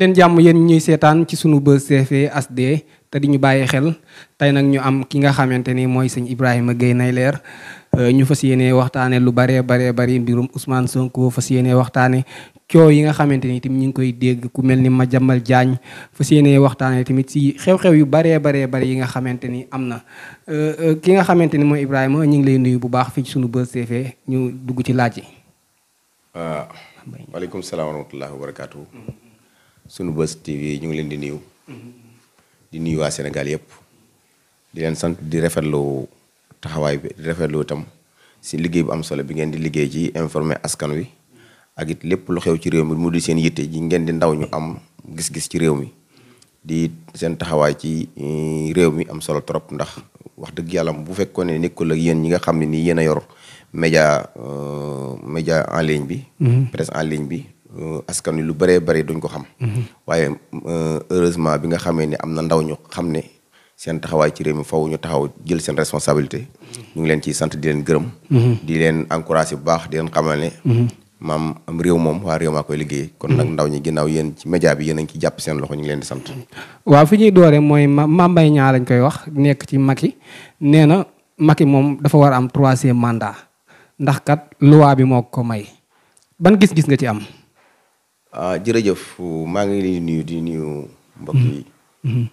leen jàmm yéen ñuy seetaan ci sunu Buzz TV HD te di ñu bàyyi xel tey nag ñu am ki nga xamante ni mooy sëñ Ibrahima Gueye Nayler euh, ñu fas yéene waxtaane lu baree baree bari mbirum Ousmane Sonko fas yéene waxtaane coow yi nga xamante ni tamit ñu ngi koy dégg ku mel ni ma Madiambal Diagne fas yéene waxtaane tamit si xew-xew yu baree baree bari yi nga xamante ni am na euh, euh, ki nga xamante ni mooy Ibrahima ñu ngi lay nuyu bu baax fii ci sunu Buzz TV ñu dugg ci laaj yi. Ah, waaleykum sunu bës TV ñu ngi leen di nuyu. di nuyu waa Sénégal yëpp. di leen sant di rafetlu taxawaay bi di rafetlu itam si liggéey bu am solo bi ngeen di liggéey ci informer askan wi. ak it lépp lu xew ci réew mi mu di seen yitte ji ngeen di ndaw ñu am gis-gis ci réew mi. di seen taxawaay ci eh, réew mi am solo trop ndax wax dëgg yàlla bu fekkoon ne nekkul ak yéen ñi nga xam ne nii yéen a yor média euh, média en ligne bi. Mm-hmm. presse en ligne bi. Euh, askan wi lu bëree bëri duñ ko xam. Mhm. waaye euh, heureusement bi nga xamee ni am na ndaw ñu xam ne seen taxawaay ci réew mi faw ñu taxaw jël seen responsabilité. ñu ngi leen ciy sant di leen gërëm. Mhm. di leen encouragé bu baax den leen xamal ne. Mhm. maam am réew moom waa réew maa koy liggéey. kon nag ndaw ñi ginnaaw yéen ci média bi yéen a ngi ci jàpp seen loxo ñu ngi leen sant. waaw fi ñuy dooree mooy Mame Mbaye Niang lañ koy wax nekk ci Macky nee na Macky moom dafa war a am troisième mandat ndax kat loi bi moo ko may ban gis nga ci am. ah jërëjëf maa ngi leen nuyu di nuyu. mbokk yi. Mm-hmm. Mm-hmm.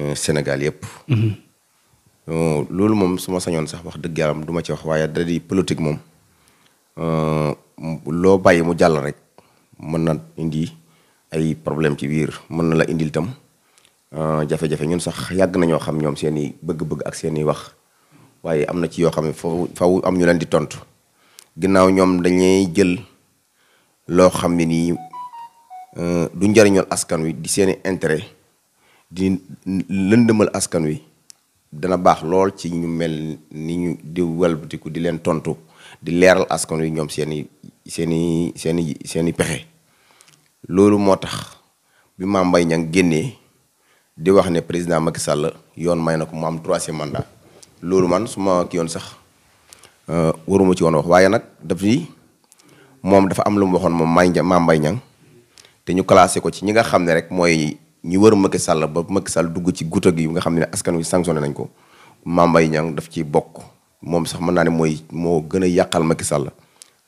Eh, Sénégal yëpp. Mm-hmm. Oh, loolu moom su ma sañoon sax wax dëgg yàlla du ma ci wax waaye da di politique moom eh, loo bàyyi mu jàll rek mën na indi ay problème ci biir mën na la indil tam eh, jafe-jafe ñun sax yàgg nañoo xam ñoom seen i bëgg-bëgg ak seeni wax waaye am na ci yoo xam ne foofu faw am ñu leen di tontu ginnaaw ñoom dañuy jël loo xam ne nii. Euh, du njariñool askan wi di seeni intérêt di lëndëmal askan wi dana baax lool ci ñu mel ni ñu di walbatiku di leen tontu di leeral askan wi ñoom seeni seeni seeni seeni pexe loolu moo tax bi maam mbay ñan génnee di wax ne président Macky Sall yoon may na ko mu am troisième mandat loolu man su ma ki yoon sax euh, waruma ci woon wax waaye nag daf ni moom dafa am lu mu waxoon moom Mame Mbaye Niang te ñu classé ko ci ñi nga xam ne rek mooy ñi wër Macky sàll ba Macky sàll dugg ci guta gi nga xam ne askan wi sanctionné nañ ko Mame Mbaye Niang daf ciy bokk moom sax mën naa ne mooy moo gën a yàqal Macky Sall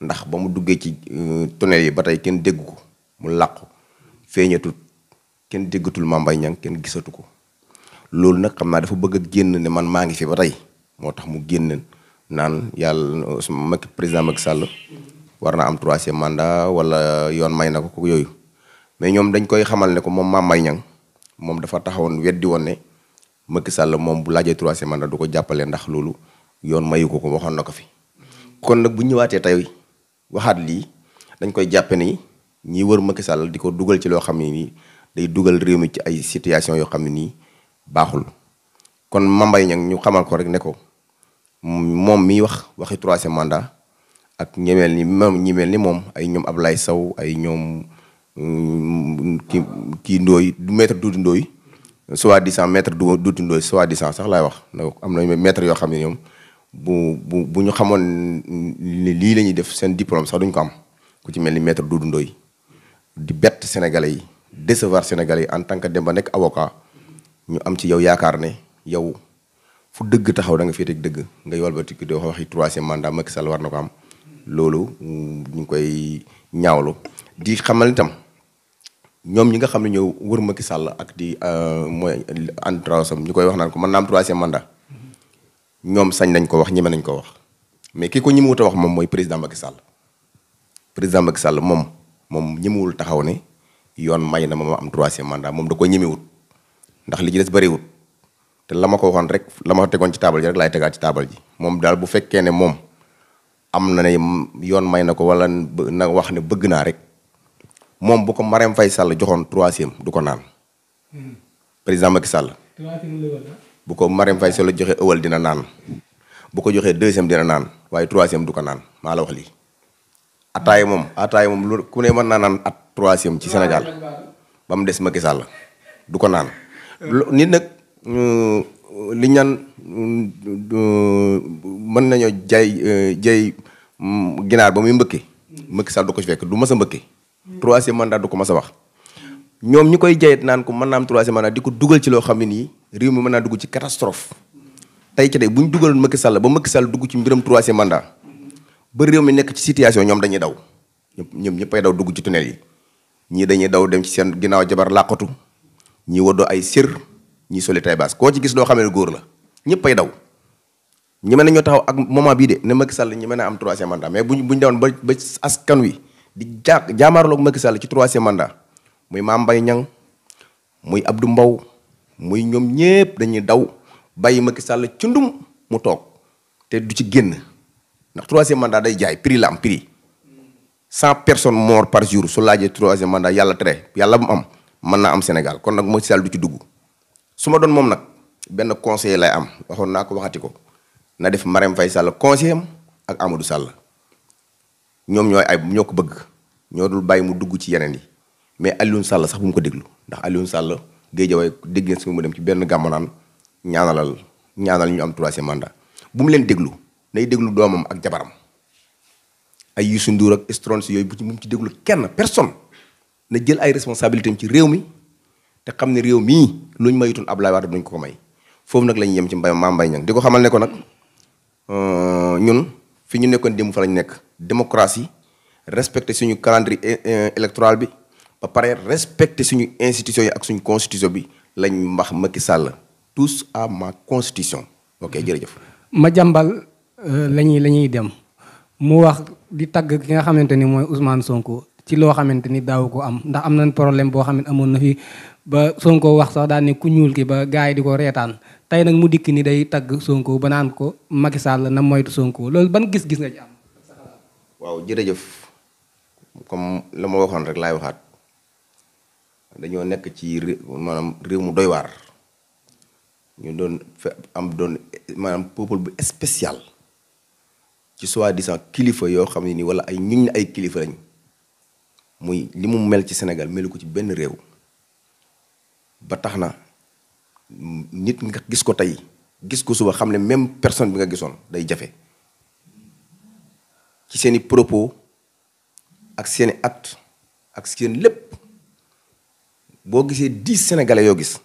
ndax ba mu duggee ci euh, tunnel yi ba tey kenn dégg ko mu làqu feeñatul kenn déggatul Mame Mbaye Niang kenn gisatu ko loolu nag xam naa dafa bëgg a génn ne man maa ngi fi ba tey moo tax mu génn naan yàlla su Macky président Macky Sall war naa am troisième mandat wala yoon may na ko ko yooyu mais ñoom dañ koy xamal ne ko moom Mame Mbaye moom dafa taxawoon weddi woon ne Macky Sall moom bu laajee troisième mandat du ko jàppale ndax loolu yoon mayu ko ko waxoon na ko fi kon nag bu ñëwaatee tey waxaat lii dañ koy jàppe ni ñiy wër Macky Sall di ko dugal ci loo xam ne nii day dugal réew mi ci ay situation yoo xam ne nii baaxul kon Mame Mbaye ñu xamal ko rek ne ko moom miy wax waxi troisième mandat ak ñemeel ni même ñi mel ni moom ay ñoom Ablaye Sow ay ñoom Mm, kii kii Ndoye maître Doudou Ndoye soi-disant maître Doudou Ndoye soi-disant sax laay wax donc am na maître yoo xam ne ñoom bu bu bu ñu xamoon lii la def seen diplôme sax duñ ko am ku ci mel ni maître Doudou Ndoye di bett sénégalais yi décevoir sénégalais yi en tant que dem ba nekk avocat ñu am ci yow yaakaar ne yow fu dëgg taxaw da nga féeteg dëgg ngay walbatiku di wax waxi troisième mandat Macky Sall war na ko am loolu mm, ñu koy ñaawlu di xamal itam ñoom ñi nga xam ne ñëw wër Macky Sall ak di euh, mooy antrasam ñu koy wax naan ko man naa am troisième mandat ñoom sañ nañ ko wax ñeme nañ ko wax mais ki ko ñemewut a wax moom mooy président Macky Sall président Macky Sall moom moom ñemewul taxaw ne yoon may na ma ma am troisième moom da ko ñemewut ndax li ci des bëriwut te la ma ko waxoon rek la ma tegoon ci taabal ji rek laay tegaat ci taabal ji moom daal bu fekkee ne moom am na ne yoon may na ko wala na wax ne bëgg naa rek. moom bu ko Marème Faye Sall joxoon troisième du ko naan. président Macky Sall. bu ko Marème Faye Sall joxe ëwal dina naan. bu ko joxee deuxième dina naan waaye troisième du ko naan maa la wax lii. ataaya moom ataaya moom lu ku ne mën naa naan at troisième ci senegal ba mu des Macky Sall du ko naan. nit nag li ñan mën nañoo jay jay mm, ginaar ba muy mbëkke Macky Sall du ko ci fekk du mës a mbëkke troisième mandat du ko mas a wax ñoom ñi koy jayet naan ko man naa am troisième mandat di ko dugal ci loo xam ne nii réew mi mën naa dugg ci catastrophe tey ci tey bu ñu dugaloon Macky ba Macky Sall dugg ci mbiram troisième mandat ba réew mi nekk ci situation ñoom dañuy daw ñoom ñëppay daw dugg ci tunnel yi ñii dañuy daw dem ci seen ginnaaw jabar làqatu ñii waddoo ay sër ñii soli tay baas koo ci gis doo xam ne góor la ñëppay daw ñi mën na ñoo taxaw ak moment bii de ne Macky Sall ñi mën a am troisième mandat mais buñ buñ dawoon ba ba askan wi di ja jaamaarloog Macky Sall ci troisième mandat muy Mame Mbaye Niang muy abdu mbaw muy ñoom ñépp dañuy daw bàyyi Macky Sall ci mu toog te du ci génn ndax troisième mandat day jaay prix la am prix cent personne mortes par jour su laajee troisième mandat yàlla tere yàlla bu am mën naa am Sénégal kon nag Macky Sall du ci dugg su ma doon moom nag benn conseiller lay am waxoon naa ko waxati ko na def Marème Faye Sall conseiller am ak Amadou Sall. ñoom ñooy ay ñoo ko bëgg ñoo dul bàyyi mu dugg ci yeneen yi mais Alioune Sall sax bu ko déglu ndax Alioune Sall géejawaay dégg ngeen si mu dem ci benn gàmmu ñaanalal ñaanal ñu am troisième leen déglu nay déglu doomam ak jabaram ay Youssou Ndour ak Strone yooyu mu ci déglu kenn personne na jël ay responsabilités ci réew mi te xam ne réew mii luñ mayutoon Abdoulaye Wade duñ ko ko may foofu nag la yem ci mbay Mame Mbaye Niang di ko xamal ne ko nag euh, ñun. fi ñu nekkoon démb fa lañ nekk démocratie respecter suñu calendrier euh, euh, électoral bi ba pare respecter suñu institution yi ak suñu constitution bi lañ mbax Macky Sall tous à ma constitution. ok mhm. jërëjëf. Madiambal euh, la ñuy la ñuy dem mu wax di tagg ki nga xamante ni mooy Ousmane Sonko ci loo xamante ni daaw ko am ndax am nañ problème boo xam ne amoon na fi ba Sonko wax sax daal ne ku ñuul ki ba gars di ko reetaan tey nag mu dikk ni day tagg Sonko ba naan ko Macky Sall na moytu Sonko loolu ban gis-gis nga ci am. waaw jërëjëf comme la ma waxoon rek laay waxaat dañoo nekk ci ré maanaam réew mu doy waar ñu doon am doon maanaam peuple bu spécial ci soi-disant kilifa yoo xam ne ni wala ay ñiñ ay kilifa lañ muy li mu mel ci senegal melu ko ci benn réew ba tax na. nit nga gis ko tey gis ko suba xam ne même personne bi nga gisoon day jafe ci seeni propos ak seeni at ak seen lépp boo gisee dix sénégalais yoo gis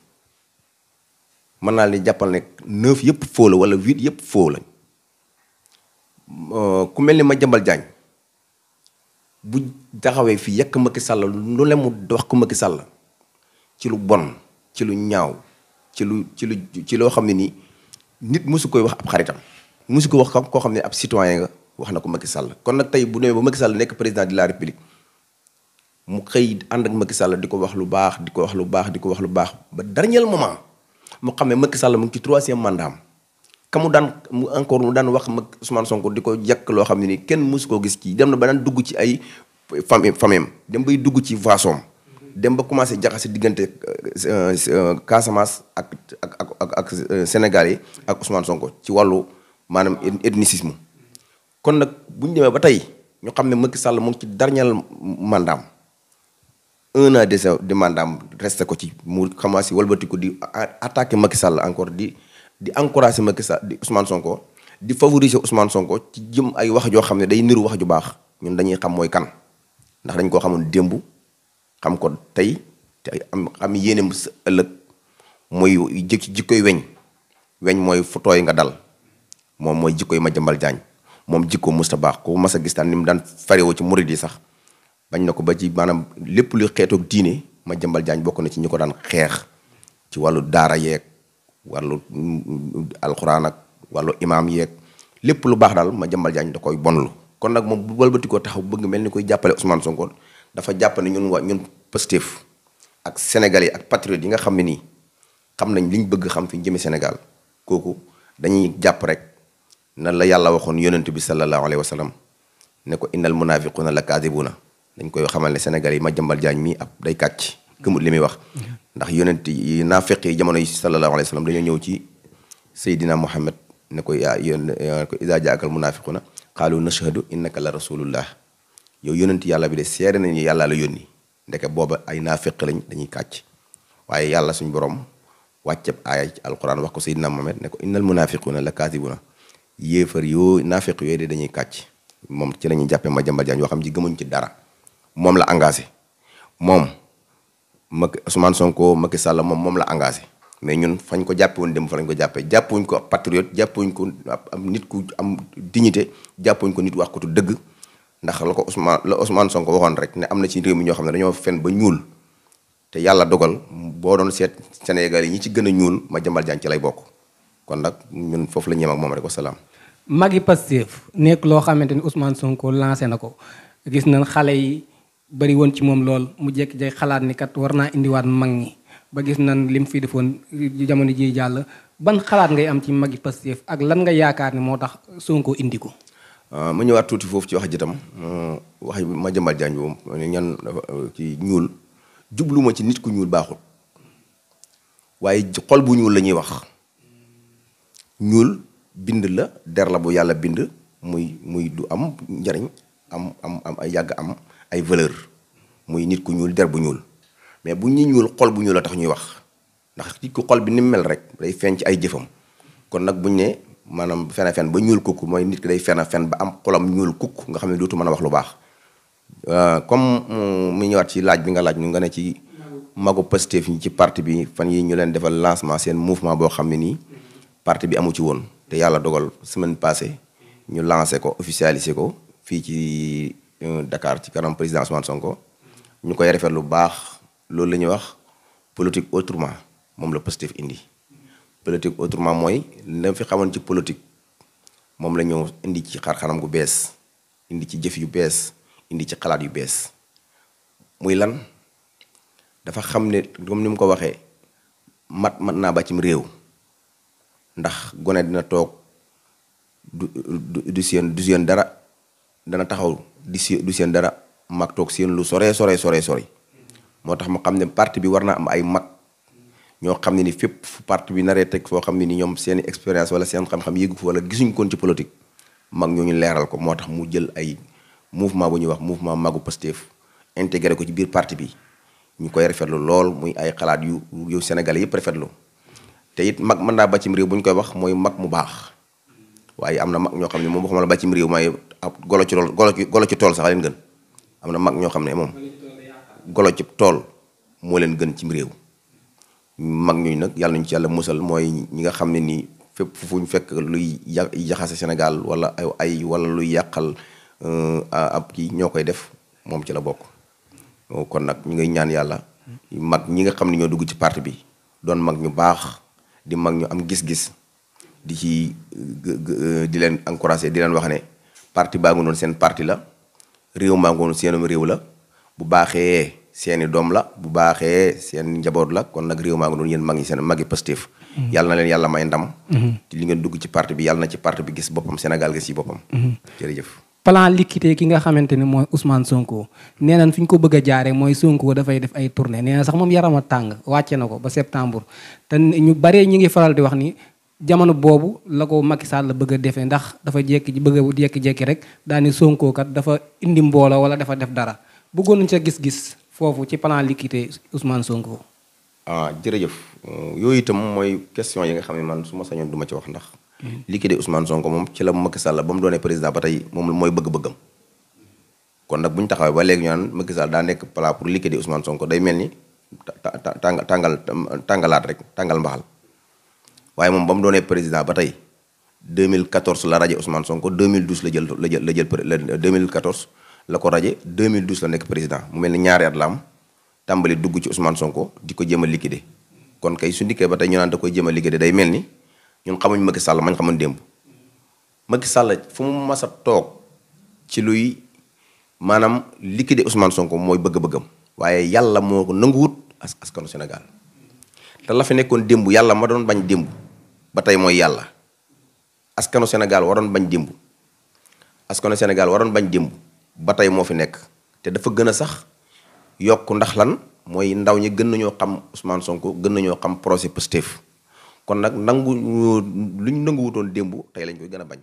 mën naa ni jàppal ne neuf yëpp foo la wala huit yëpp foo lañ euh, ku mel ni ma Madiambal Diagne bu taxawee fii yekk Macky Sall lu le wax ko Macky Sall ci lu bon ci lu ñaaw ci lu ci lu ci loo xam ne nii nit mosu koy wax ab xaritam mosu ko wax koo xam ne ab citoyen nga wax na ko Macky Sall kon nag tey bu demee ba Macky Sall nekk président de la république mu xëy ànd ak Macky Sall di ko wax lu baax di ko wax lu baax di ko wax lu baax ba dernier moment mu xam ne Macky Sall mu ngi ci troisième mandat kam mu daan mu encore mu daan wax mag Ousmane Sonko di ko yàq loo xam ne nii kenn mosu koo gis ci dem na ba daan dugg ci ay famille famille dem bay dugg ci voisom dem ba commencé jaxase diggante euh, euh, Casamance ak ak ak ak ak euh, Sénégal yi ak Ousmane Sonko ci wàllu maanaam ethnicisme kon nag bu ñu demee ba tey ñu xam ne Macky Sall mu ngi ci dernier mandaam un an de sa de ko ci mu commencé walbati ko di attaqué Macky Sall encore di di encouragé Macky Sall di Ousmane Sonko di favoriser Ousmane Sonko ci jëm ay wax joo xam ne day niru wax ju baax ñun dañuy xam mooy kan ndax dañ koo xamoon démb. xam ko tey te am xam yéeneem ëllëg mooy jikki jikkoy weñ weñ mooy fu tooy nga dal moom mooy jikkoy ma jëmbal jaañ moom jikko musta baax ku mas a gis daan ni mu daan farewoo ci murid sax bañ na ko ba ci maanaam lépp lu xeetoog diine ma jëmbal jaañ bokk na ci ñu ko daan xeex ci wàllu daara yeeg wàllu mm, alxuraan ak wàllu imaam yeeg lépp lu baax daal ma jëmbal jaañ da koy bon lu kon nag moom bu balbati ko taxaw bëgg mel ni koy jàppale Ousmane Sonko dafa jàpp ne ñun waa ñun Pastef ak sénégalais ak patriotes yi nga xam ne nii xam nañ liñ bëgg xam fi ñu jëmee Sénégal kooku dañuy jàpp rek na la yàlla waxoon yonent bi sallallahu alayhi wa sallam ne ko innal munafiquna la kaadibuuna dañ koy xamal ne sénégalais yi ma jëmbal jaañ mi ab day kàcc li muy wax ndax yonent naa naafeq yi jamono yi sallallahu alayhi wa dañoo ñëw ci Seydina Muhammad ne ko yaa yón ko idaa jaakal munafiquna qaalu nashhadu innaka la rasulullah yow yonent yàlla bi de seere nañu yàlla la yoon ni ndeke booba ay naaféq lañ dañuy kàcc waaye yàlla suñu borom wàcceb aaya ci alquran wax ko sayyidina Muhammad ne ko innal munaafiquuna la kaasibuuna yéefar yoo naaféq yooyu de dañuy kàcc moom ci la ñuy jàppee ma jambal yoo xam ci gëmuñ ci dara moom la engagé moom Macky Ousmane Sonko Macky Sall moom moom la engagé mais ñun fañ ko jàppe woon dem fa lañ ko jàppee jàppuñ ko patriote jàppuñ ko am nit ku am dignité jàppuñ ko nit wax ko tu dëgg ndax la ko Ousmane la Ousmane Sonko waxoon rek ne am na ci réew mi ñoo xam ne dañoo fen ba ñuul te yàlla dogal boo doon seet Sénégal yi ñi ci gën a ñuul ma jambal jaan ci lay bokk kon nag ñun foofu la ñeem ak moom rek wasalaam. magi nekk loo xamante ni Ousmane Sonko lancé na ko gis nañ xale yi bari woon ci moom lool mu jékki jay xalaat ni kat war naa indiwaat mag ñi ba gis nañ lim fi defoon jamono ji jàll ban xalaat ngay am ci mag magi Pastef ak lan nga yaakaar ni moo tax Sonko indi ko. Euh, ma ñëwaat tuuti foofu ci wax ji tam euh, wax ma jëmbal jaañ boobu ñan ci euh, ñuul jubluma ci nit ku ñuul baaxul waaye xol bu ñuul la ñuy wax ñuul bind la der la bu yàlla bind muy muy du am njariñ am am am ay yàgg am ay valeur muy nit ku ñuul der bu ñuul mais bu ñuy ñuul xol bu ñuul la tax ñuy wax ndax nit ku xol bi ni mu mel rek day feeñ ci ay jëfam kon nag buñ ne maanaam fen fen ba ñuul kukk mooy nit ki day fen a fen ba am xolam ñuul kukk nga xam ne dootu mën a wax lu baax euh, comme mu ñëwaat ci laaj bi nga laaj ñu nga ne ci magu Pastef ñi ci parti bi fan yi ñu leen defal lancement seen mouvement boo xam ne nii parti bi amu ci woon te yàlla dogal semaine passée ñu lancé ko officialisé ko fii ci euh, Dakar ci kanam président Ousmane Sonko ñu koy rafet lu baax loolu la ñuy wax politique autrement moom la Pastef indi politique autrement mooy la fi xamoon ci politique moom la ñëw indi ci xar-xanam gu bees indi ci jëf yu bees indi ci xalaat yu bees muy lan dafa xam ne comme ni mu ko waxee mat mat naa ba cim réew ndax gone dina toog du du seen du seen dara dana taxaw di si du seen dara mag toog seen lu sore sore sore sore moo tax mu xam ne parti bi war naa am ay mat ñoo xam ne ni fépp fu parti bi naree teg foo xam ne ni ñoom seeni expérience wala seen xam-xam yéegu fa wala gisuñ koon ci politique mag ñooñu leeral ko moo tax mu jël ay mouvement bu ñuy wax mouvement magu Pastef intégré ko ci biir parti bi ñu koy rafetlu lool muy ay xalaat yu yu Sénégalais yëpp rafetlu te it mag mën naa bàccim réew bu ñu koy wax mooy mag mu baax waaye am na mag ñoo xam ne moom waxuma la bàccim réew mooy golo ci lool golo ci golo ci tool sax leen gën am na mag ñoo xam ne moom golo ci tool moo leen gën cim réew mag ñuy nag yàlla nañu ci yàlla musal mooy ñi nga xam ne nii fépp fu ñu fekk luy ja jaxase Sénégal wala ay wala lu yàqal euh, ab kii ñoo koy def moom ci la bokk. Oh, kon nag ñu ngay ñaan yàlla mag ñi nga xam ne ñoo dugg ci parti bi doon mag ñu baax di mag ñu am gis-gis di ci euh, di leen encouragé di leen wax ne parti baa ngi noonu seen parti la réew maa ngi noonu réew la bu baaxee. seeni doom la bu baaxee seen njaboot la kon nag réew maa ngi doon yéen mag yi seen magi Pastef mhm. yàlla na leen yàlla may ndam mhm. ci li ngeen dugg ci parti bi yàlla na ci parti bi gis boppam Sénégal gis yi boppam mhm. jërëjëf plan liquidé a jaare mooy Sonko dafay def sax moom yarama tàng wàcce na ko ba septembre te ñu bare ñu ngi faral di wax ni jamono boobu la ko Macky la bëgg a defee ndax dafa jekki bëgg a jekki-jekki rek daani Sonko dafa indi mbooloo wala dafa def dara bëggoon nañ sa gis foofu ci plan liquidité Ousmane Sonko. ah jërëjëf euh, yooyu itam mooy question yi nga xam ne man suma ma sañoon du ma ci wax ndax. Hmm. liquidité Ousmane Sonko moom ci la Macky Sall ba mu doonee président ba tey moom mooy bëgg-bëggam. kon nag bu ñu taxawee ba léegi ñu naan daa nekk plan pour liquider Ousmane Sonko day mel ni tàngal tàngal tàngalaat tàngal mbaxal waaye moom ba mu doonee président ba tey 2014 la rajo Ousmane la jël la jël la jël 2014 la ko raje 2012 la nekk président mu mel ni ñaari at la tàmbali dugg ci Ousmane Sonko di ko jéem a liquider kon kay su ndikkee ba tey ñu naan da koy jéem a day mel ni ñun xamuñ Macky Sall mañ xamuñ démb Macky Sall fu mu masa toog ci luy maanaam liquider Ousmane Sonko mooy bëgg-bëggam waaye yàlla moo ko nanguwut askanu senegal te la fi nekkoon démb yàlla ma doon bañ démb ba tey mooy yàlla askanu Sénégal waroon bañ démb askanu Sénégal waroon bañ démb ba tey moo fi nekk te dafa gën a sax yokk ndax lan mooy ndaw ñi gën nañoo xam Ousmane Sonko gën nañoo xam projet Pastef kon nag nangu lu ñu nanguwutoon démb tey lañ koy gën a bañ.